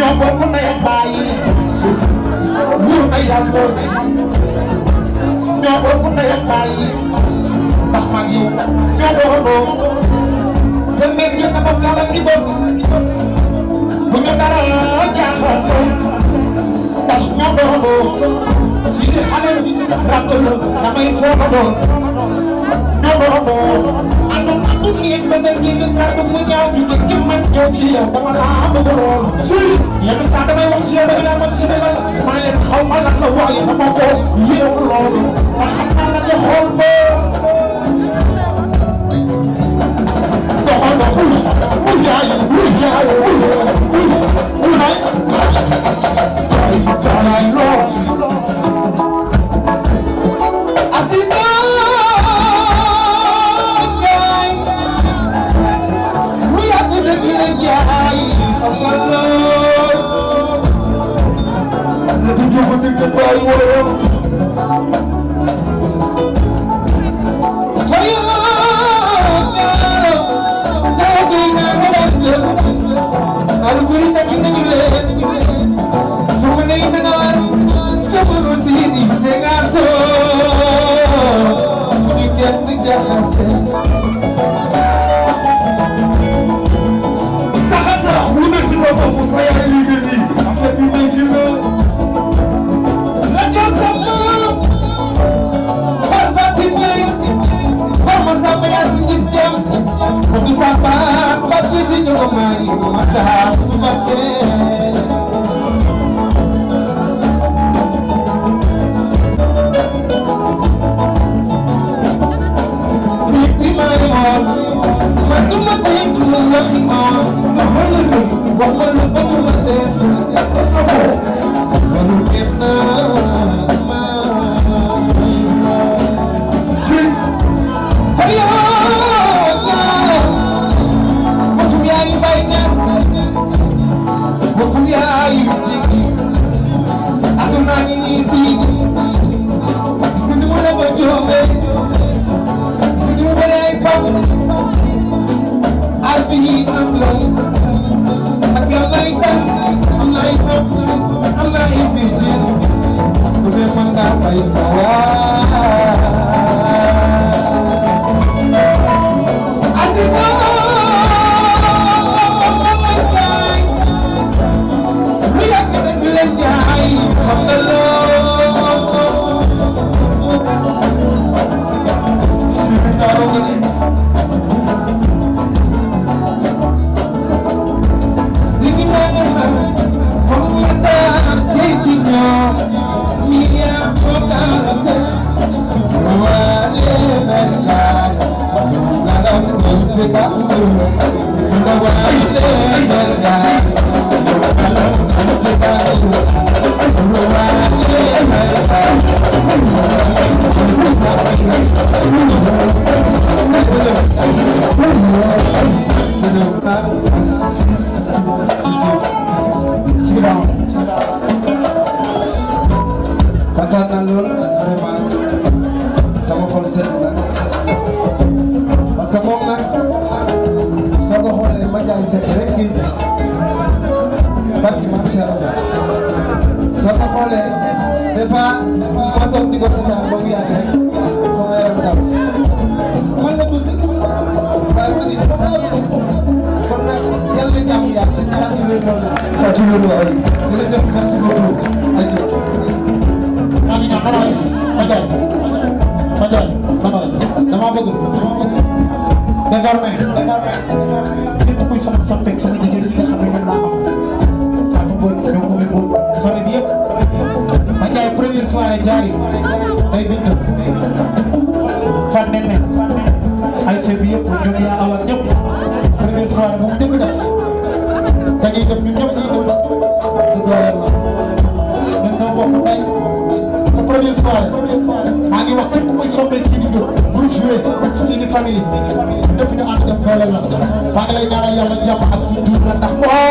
ñoo bokk ndey ak baay buur ay yàlla ñoo bokk ndey ak baay ndax mag yi ñoo ko rëndoo te mbir yéen a ba faral di bokk bu ñu dara jaaxal foofu ndax ñoo ko rëndoo si xale bi ràtt la damay foo ko doon ñëw ci yow dama laa bëgg lool. suy yenn saa damay wax ci yow da nga naan ma si ne la ma ne leen xaw ma lan la waaye dama ko yéew loolu ndax xam naa la ca xool ba. doxal doxul. mu the right way. ومن متى سبته What will you do? What will you do? What will you do? What will you do? jërëjëf merci beaucoup Adja. maa ngi ñaan balaa gis Madiagne Madiagne dama dama bëgg désormais désormais képp kuy sama soppeek sama jigéen ñi nga xam ne ñoom laa am Fatou Mbodj ñoom Oumy Mbodj famille bi yëpp Madiagne première soirée jaari première fois maa ngi wax képp kuy soppee Sidy Diop bul joué Sidy Family lépp ñu ànd def doole la maa ngi lay ñaanal yàlla jàmm ak suñu tuur ndax